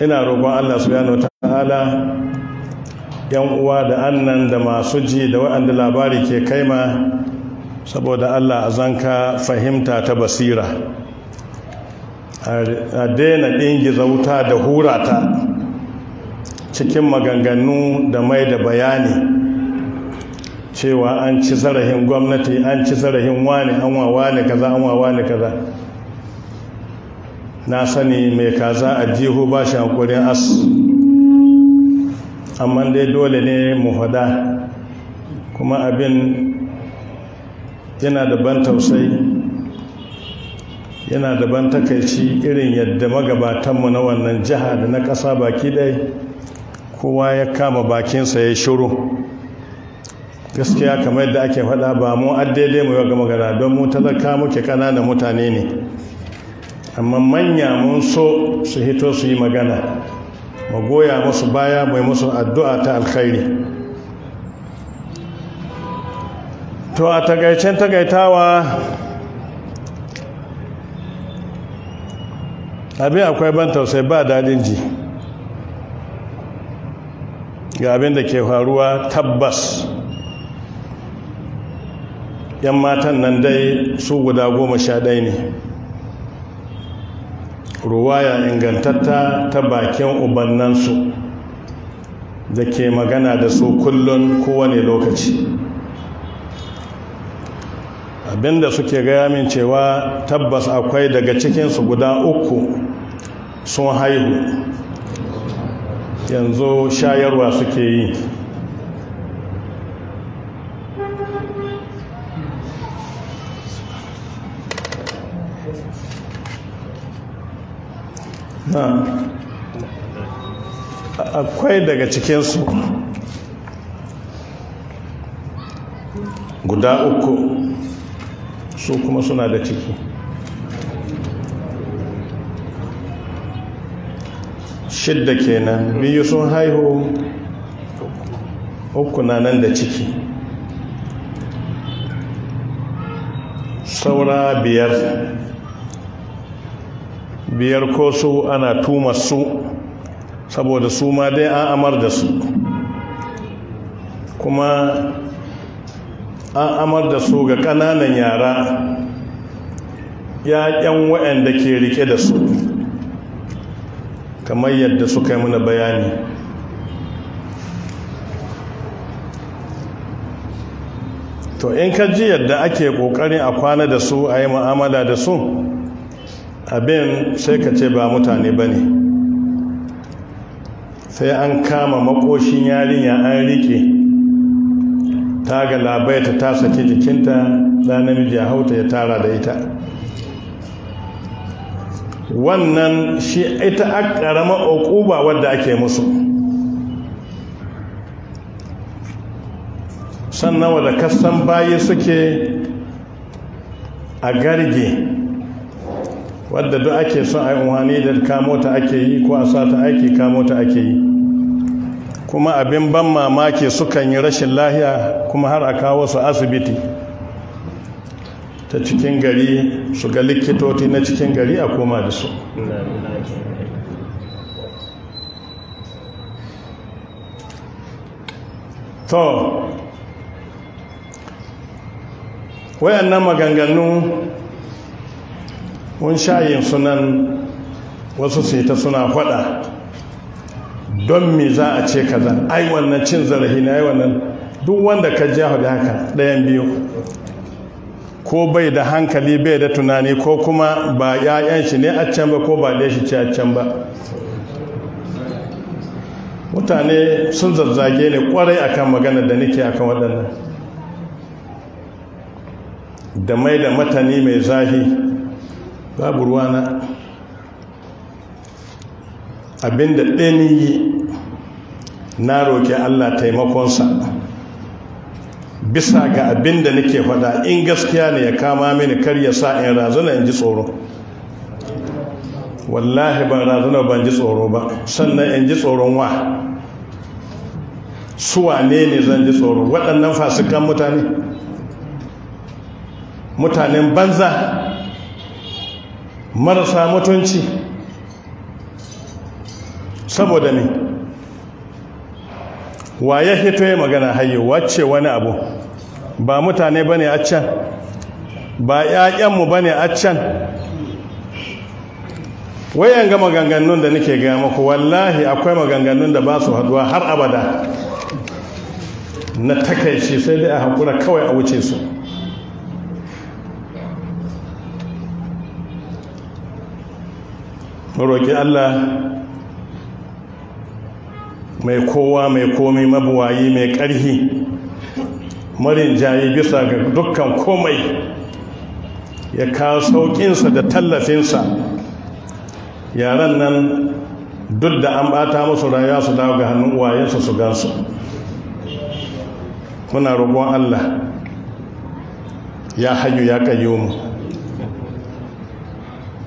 ina roƙon Allah subhanahu ta'ala yan uwa da annan da masu ji da waɗanda labari ke kaima saboda Allah a zanka fahimta ta basira a daina ɗingiza wuta da hurata cikin maganganu da mai da bayani cewa an ci zarahin gwamnati an ci zarahin wani an wawa ne kaza an wawa ne kaza na sani mai kaza a jihu ba shi hankulin as amma dai dole ne mu hada kuma abin yana da ban tausayi yana da ban takaici irin yadda magabatanmu na wannan jiha da na ƙasa baki dai kowa ya kama bakinsa ya shiru gaskiya kamar yadda ake faɗa ba mu addele mu ga magana don mu talaka muke ƙananan mutane ne amma manya mun so su hito su yi magana mu goya musu baya mai musu addu'a ta alkhairi to a tagaicen tagaitawa abin akwai ban tausai ba daɗin ji ga abin da ke faruwa tabbas yan matan nan dai su guda goma sha ɗaya ne ruwaya ingantatta ta bakin ubannansu da ke magana da su kullum kowane lokaci abinda suke gaya min cewa tabbas akwai daga cikinsu guda uku sun haihu yanzu shayarwa suke yi akwai daga cikinsu guda uku su kuma suna da ciki shidda kenan biyu sun haihu uku na nan da ciki saura biyar biyar ko su ana tuma su saboda su ma dai an amar da su kuma an amar da su ga ƙananan yara ‘ya'yan waɗanda ke rike da su kamar yadda suka yi mana bayani to in ka ji yadda ake ƙoƙarin a kwana da su a yi ma'amala da su abin sai ka ce ba mutane ba ne sai an kama makoshin yarinya an rike ta ga labaita ta saki jikinta da namiji ya hauta ya tara da ita wannan shi ita a ƙarama ƙuba wadda ake musu sannan wadda kasan bayi suke a garge wadda duk ake son a umarni da kamo ta ake yi ko a sa ta aiki kamo ta ake yi kuma abin ban mamaki sukan yi rashin lahiya kuma har a kawo su asibiti ta cikin gari su ga likitoci na cikin gari a koma da su to wayannan maganganu mun shayin sunan wasu sai ta suna faɗa don me za a ce kaza ai wannan cin zarafi na yi wannan duk wanda ka ji da haka ɗayan biyu ko bai da hankali bai da tunani ko kuma ba 'ya'yan shi ne a can ba ko ba da shi ce a can ba mutane sun zazzage ne kwarai akan magana da nake akan waɗannan da mai da matani mai zahi babu ruwana abinda ɗani yi na roƙi allah taimakonsa bisa ga abinda nake faɗa in gaskiya ne ya kama mini kar ya sa in razana in ji tsoro wallahi ban razuna ban ji tsoro ba sannan in ji tsoron wa suwa ne ne zan ji tsoro waɗannan fasikan mutane mutanen banza marasa mutunci saboda ne wa ya hito ya magana hayo wacce wani abu ba mutane ba ne a can ba 'ya'yanmu ba ne a can wayan ga maganganun da nake gama maku wallahi akwai maganganun da ba su haduwa har abada na takaici sai dai a haƙura kawai a wuce su roƙi Allah mai kowa mai komai mabuwayi mai ƙarhi marin jayi bisa ga dukkan komai ya kawo sauƙinsa da tallafinsa yaran nan duk da an ɓata musu rayuwa su dawo ga hannun uwayensu su gansu muna roƙon Allah ya hanyu ya kayyumu mu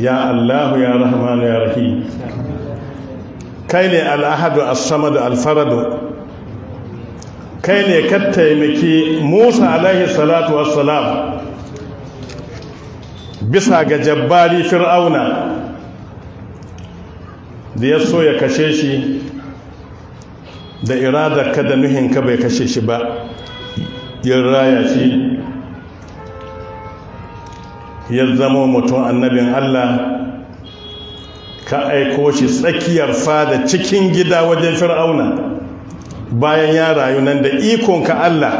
ya Allah ya rahman ya rahim kai ne al'ahadu as-samad al kai ne ka taimaki Musa alaihi salatu wassalam bisa ga jabbari fir'auna da ya so ya kashe shi da ka da nuhinka bai kashe shi ba yin raya shi ya zama mutum annabin Allah ka aiko shi tsakiyar fada cikin gida wajen fir'auna bayan ya rayu nan da ikonka Allah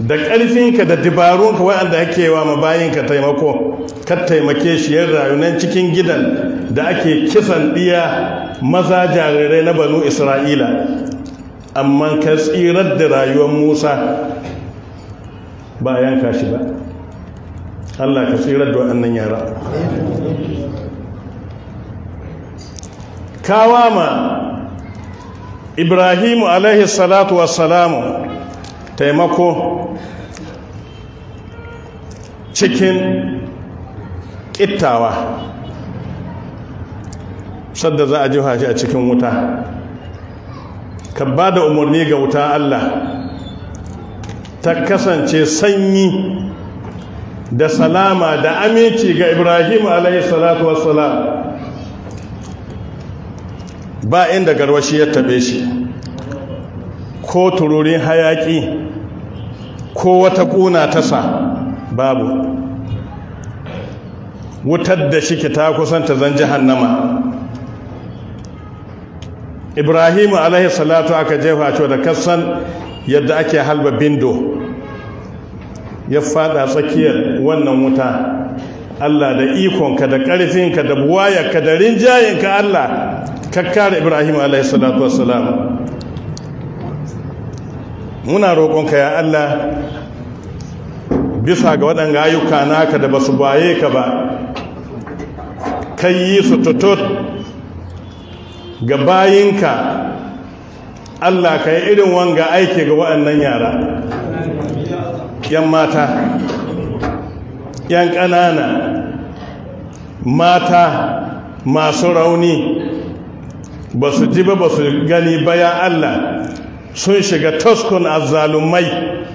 da ƙarfinka da dabarunka waɗanda ake wa mabayinka taimako ka taimake shi ya rayu nan cikin gidan da ake kisan ɗiya maza jarirai na banu isra'ila amma ka tsirar da rayuwar musa ba yanka shi ba Allah ka tsirar da waɗannan yara kawama ibrahimu alaihi salatu wassalamu taimako cikin ƙittawa sadda za a ji shi a cikin wuta ka ba da umarni ga wuta Allah ta kasance sanyi da salama da aminci ga ibrahim alaihi salatu wassalam ba inda garwashi ya taɓe shi ko tururin hayaƙi ko wata kuna tasa babu wutar da shi ta kusanta zan jahannama ibrahimu alaihi salatu aka jefa cewa da kasan yadda ake halba bindo ya fada tsakiyar wannan wuta Allah da ikonka da ƙarfinka da buwayarka da rinjayenka Allah kakkar Ibrahim alaihi salatu wassalam muna roƙonka ya Allah bisa ga waɗanga ayyuka naka da basu baye ka ba kai yi su tutut ga bayinka Allah ka yi irin wanga aiki ga waɗannan yara yan mata yan ƙanana mata masu rauni ba su ji ba ba su gani bayan Allah sun shiga taskun azzalumai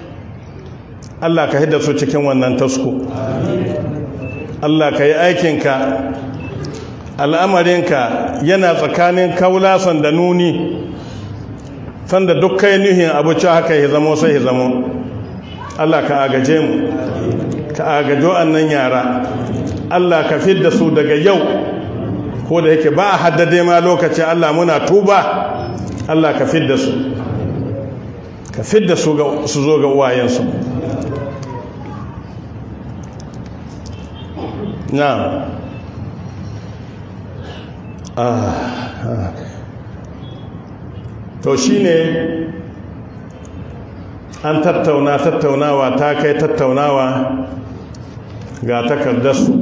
Allah ka hidda su cikin wannan tasku. Allah ka yi aikinka al'amarinka yana tsakanin kawulasan da nuni sanda duk nuhin abu haka ya zamo sai ya zamo Allah ka agaje mu ka agajo annan yara Allah ka fidda su daga yau ko da yake ba a haddade ma lokaci Allah muna tuba Allah ka fidda su ka fidda su su zo ga uwayensu su na ah, ah. to shine an tattauna tattaunawa ta kai tattaunawa ga takardarsu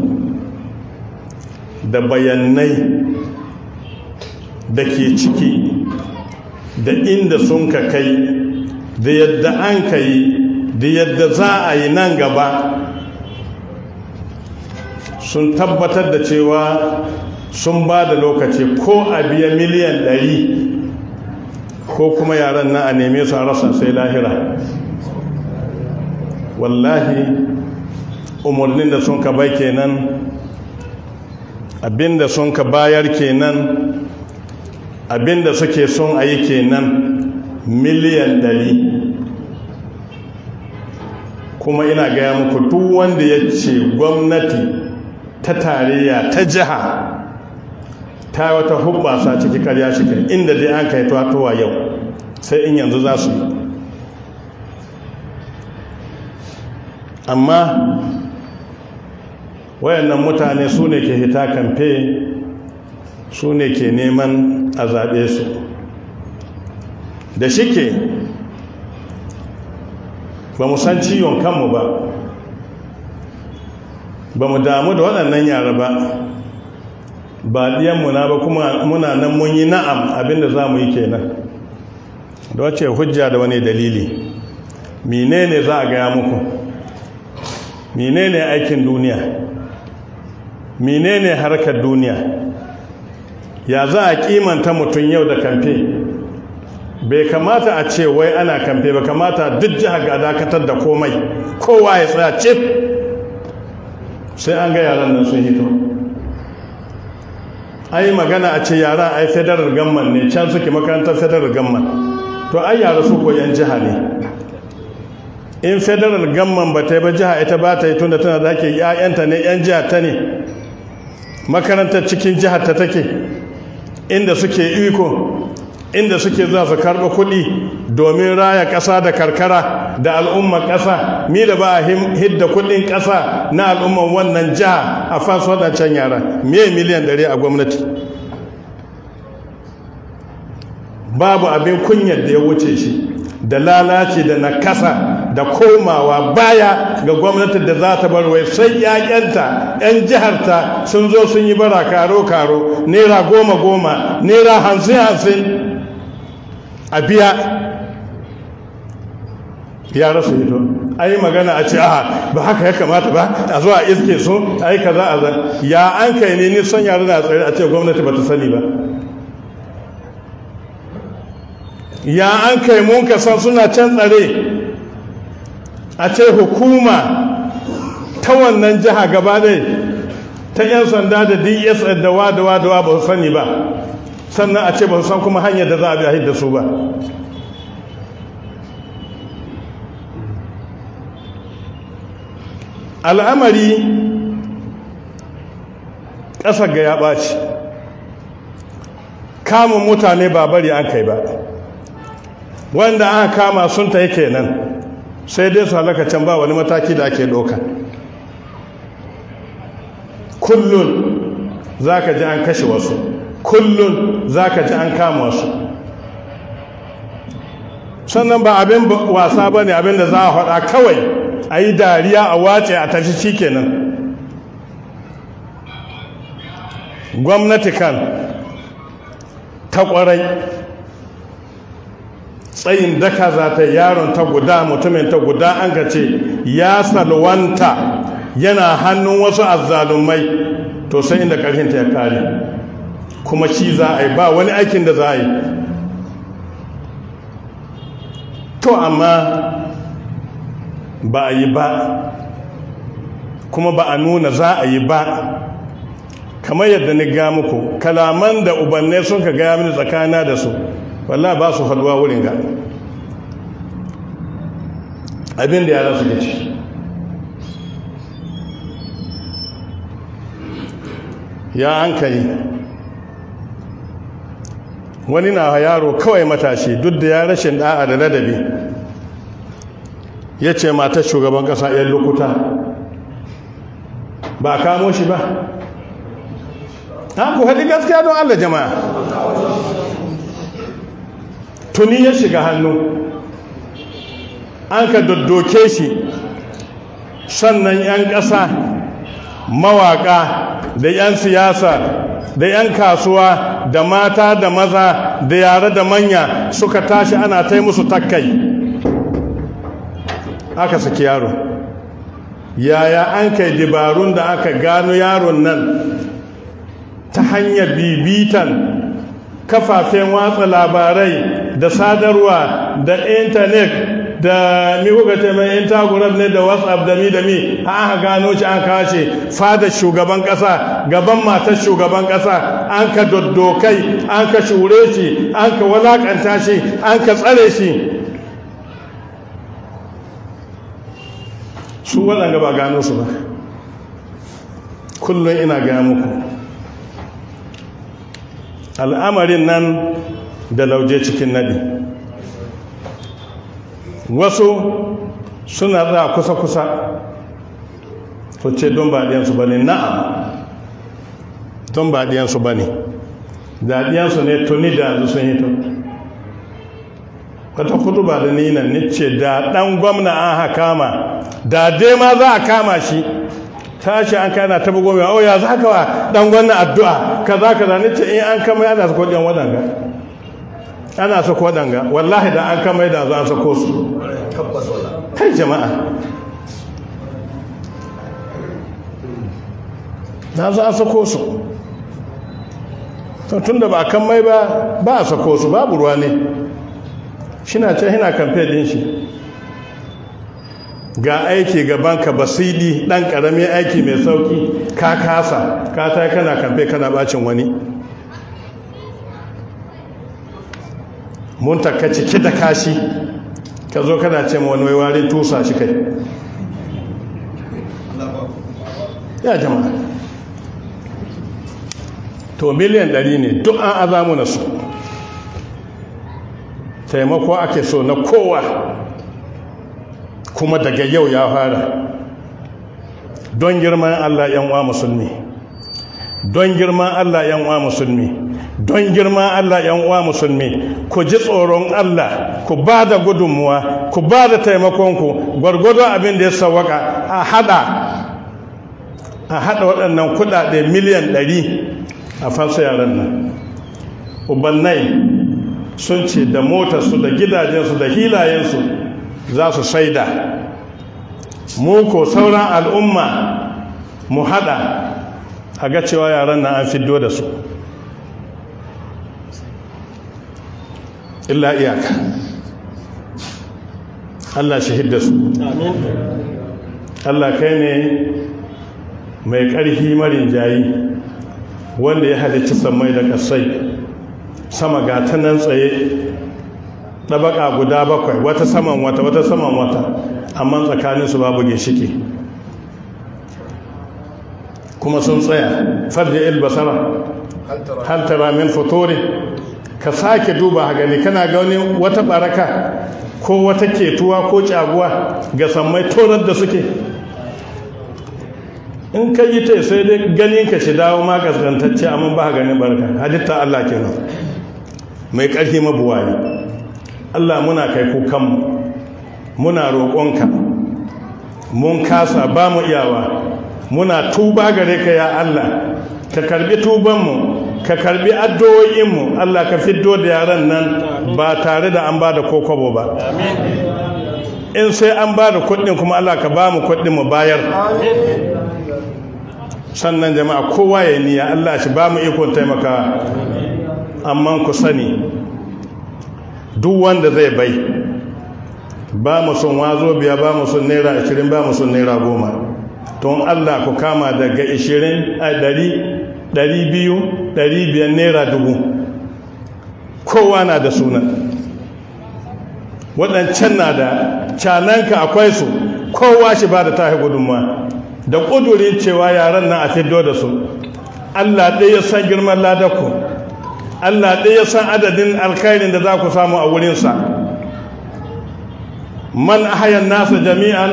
da bayanai da ke ciki da inda sun ka kai da yadda an ka yi da yadda za a yi nan gaba sun tabbatar da cewa sun ba da lokaci ko a biya miliyan ɗari ko kuma yaren na a neme su a rasa sai lahira wallahi umarnin da sun ka bai kenan abin da sun ka bayar kenan abin da suke son a yi kenan miliyan ɗari kuma ina gaya muku duk wanda ya ce gwamnati ta tarayya ta jiha ta wata hubbasa ciki karya shi inda dai an kai tuwa yau sai in yanzu za su yi amma wayannan mutane su ne ke hita kamfe su ne ke neman a zaɓe su da shike ba mu san ciwon kanmu ba ba mu damu da waɗannan yare ba ba ɗiyanmu na ba kuma muna nan mun yi na'am abinda za mu yi kenan da wace hujja da wani dalili menene za a gaya muku menene aikin duniya menene harkar duniya ya za a kimanta mutum yau da kamfe bai kamata a ce wai ana kamfe ba kamata duk jihar ga dakatar da komai kowa ya tsaya cif sai an ga yaran nan sun hito ai magana a ce yara ai federal gamman ne can suke makarantar federal gamman to ai yara su ko yan jiha ne in federal gamman ba ta yi ba jiha ita ba ta yi tunda tana da ake ya'yanta ne yan jiha ta ne makarantar cikin jihar ta take inda suke iko inda suke za su karɓi kuɗi domin raya ƙasa da karkara da al'ummar ƙasa mila ba a hidda kuɗin ƙasa na al'ummar wannan jiha a fasu waɗancan yara me miliyan ɗari a gwamnati babu abin kunyar da ya wuce shi da lalace da na ƙasa da komawa baya ga gwamnati da za ta bar wai sai yaƙenta 'yan jiharta sun zo sun yi bara karo-karo naira goma-goma naira hansin-hansin a biya ya rasa a yi magana a ce aha ba haka ya kamata ba a zuwa iske so yi kaza a zan ya an kai ne ni son na tsari a ce gwamnati ba ta sani ba ya an kai mun san suna can tsare a ce hukuma ta wannan jiha gaba ta 'yan sanda da dss da wadawa da wa ba su sani ba sannan a ce ba su san kuma hanyar da za a bi a hidda su ba al'amari ƙasar ga ya ɓaci kamun mutane ba bari an kai ba wanda aka kama sun ta yake nan sai dai su halaka can ba wani mataki da ake ɗauka kullum za ka ji an kashe wasu kullum za ka ci an kama su sannan ba abin wasa ba ne abin da za a faɗa kawai a yi dariya a wace a tashi shi kenan gwamnati kan ta ƙwarai tsayin daka za ta yaron ta guda mutumin ta guda an ka ce ya salwanta yana hannun wasu azzalumai to sai inda ƙarfinta ya kare kuma shi za a yi ba wani aikin da za a yi to amma ba a yi ba kuma ba a nuna za a yi ba kamar yadda ni ga muku kalaman da ubanne sun ka gaya mini tsakana da su walla ba su faduwa wurin ga abin da yara su gaci ya kai wani na yaro kawai matashi duk da ya rashin da'a da ladabi ya ce matar shugaban ƙasa 'yan lokuta ba kamo shi ba ha ku haɗi gaskiya don allah jama'a tuni ya shiga hannu an ka doddoke shi sannan 'yan ƙasa mawaƙa da 'yan siyasa da 'yan kasuwa da mata da maza da yare da manya suka tashi ana ta musu takkai aka saki yaro yaya an kai dabarun da aka gano yaron nan ta hanyar bibitan kafafen watsa labarai da sadarwa da intanet da mi kuka ce mai takurar ne da whatsapp da mi da mi an gano shi an kace fada shugaban kasa gaban matar shugaban kasa an ka doddokai an ka shure shi an ka walakanta shi an ka tsare shi su waɗanda ba gano su ba kullum ina gaya muku al'amarin nan da lauje cikin nadi wasu suna za kusa-kusa su ce don ba diyansu ba ne na'am don ba diyansu ba ne daɗiyansu ne tuni da yanzu sun hito wata kudu ba da nina ce da ɗan gwamna an haka ma da dai ma za a kama shi tashi an kana tabi gobe oh, o ya za ka wa ɗan gwamna addu'a kaza kaza ce in eh, an kama yana su kudin waɗanda ana sako waɗanga wallahi da an kama idan za a sako su kai jama'a na za a sako su tun da ba a kama ba ba a sako su babu ruwa ne shi na ce hina kamfe din shi ga aiki ka basidi ɗan ƙaramin aiki mai sauki ka kasa ka ta kana kamfe kana bacin wani mun takka ciki da kashi ka zo kana ce ma wani waiwari tusa shi kai ya jama'a to miliyan ɗari ne duk an azamu na su taimako ake so na kowa kuma daga yau ya fara don girman allah yan wa musulmi don girman allah yan wa musulmi don girma Allah yan uwa musulmi ku ji tsoron Allah ku ba da gudunmuwa ku ba da taimakonku gwargwadon abin da ya sawaka a hada a hada waɗannan kuɗaɗe miliyan ɗari a fansa yaran nan ubannai sun ce da motarsu da gidajensu da hilayensu za su saida mu ko sauran al'umma mu haɗa. a ga cewa yaran nan an fiddo da su illa iyaka Allah shahid da su Allah kai ne mai ƙarfi marin jayi wanda ya halicci samai da ƙasai sama ga ta nan tsaye ɗabaƙa guda bakwai wata saman wata wata saman wata amma tsakaninsu babu ginshiki kuma sun tsaya fadda ilbasara. basara hal min ka sake duba gani kana wani wata baraka ko wata ketuwa ko caguwa ga sammai tonar da suke in ka yi ta sai dai ganin ka shi dawo ma gaskantacce amma ba ganin barka hadita Allah kenan mai ƙarfi mabuwayi Allah muna kai kukanmu muna roƙonka mun kasa ba mu iyawa muna tuba gare ka ya Allah ka karbi tubanmu ka karbi addu'o'inmu Allah ka fiddo da yaran nan ba tare da an ba da kokobo ba in sai an ba da kuɗin kuma Allah ka ba mu kuɗin mu bayar sannan jama'a kowa ya niya Allah shi ba mu ikon taimaka amma ku sani duk wanda zai bai ba mu sun wazo biya ba mu sun naira 20 ba mu sun naira 10 Tun Allah ku kama daga 20 a 100 ɗari biyu ɗari biyar naira dubu kowa na da sunan waɗancan na da cananka akwai su kowa shi ba da tahi gudunma da ƙudurin cewa yaran nan a fiddo da su allah ɗaya san girman ladaku allah ɗaya san adadin alkhairin da za ku samu a wurinsa man hayan nasa jami'an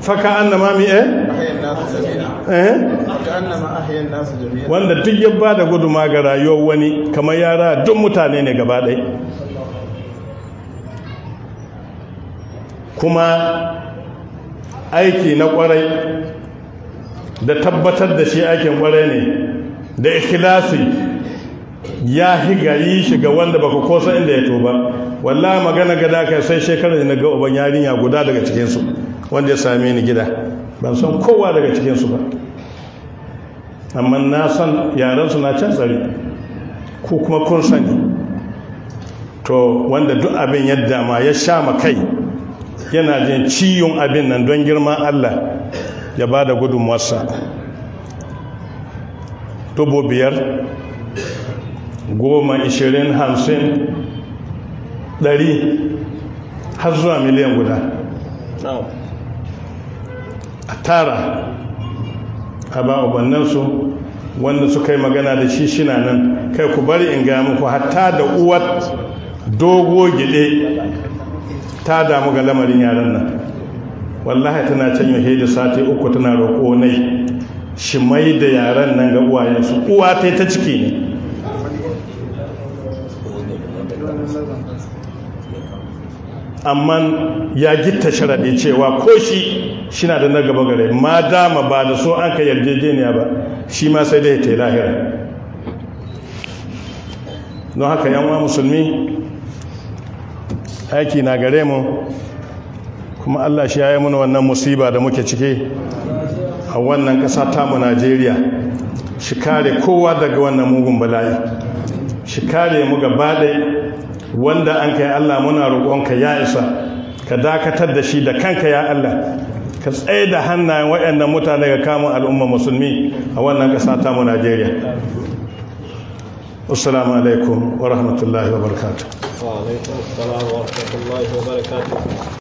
faka an na mami'e Eh? wanda duk ya ba da guduma ga rayuwar wani kamar yara duk mutane ne gaba ɗai kuma aiki na ƙwarai da tabbatar da shi aikin ƙwarai ne da ikilasi ya higa yi shiga wanda baka kosa inda ya toba wallah magana gada kai sai shekarar da na ga uban yarinya guda daga cikinsu wanda ya same ni gida ban san kowa daga cikinsu ba amma na san yarensu na can tsari ko kuma kun sani to wanda duk abin yadda ma ya sha ma kai yana jin ciyon abin nan don girman allah ya ba da gudunmuwarsa dubu biyar goma ishirin hamsin ɗari har zuwa miliyan guda a tara a ba ubannansu wanda suka yi magana da shi shina nan kai ku bari in ga muku hatta da uwar dogo gide ta damu ga lamarin yaran nan wallahi tana can yau da sati uku tana roƙo nai shi mai da yaran nan ga uwayensu uwa ta ta ciki ne amma ya gitta sharaɗe cewa ko shi shi na da na gaba gare ma dama ba da so an ka yarjejeniya ba shi ma sai da ya ta yi lahira don haka yanwa musulmi aiki na gare mu kuma allah shi ya yi muna wannan musiba da muke cike a wannan ta tamu najeriya shi kare kowa daga wannan mugun bala'i shi kare mu gaba wanda an kai allah muna roƙonka ya isa ka dakatar da shi da kanka ya allah ka tsaye da hannayen waɗannan mutane ga kamun al'umma musulmi a wannan ƙasa ta mu Najeriya assalamu alaikum wa rahmatullahi wa barakatuh wa alaikum assalam wa rahmatullahi wa barakatuh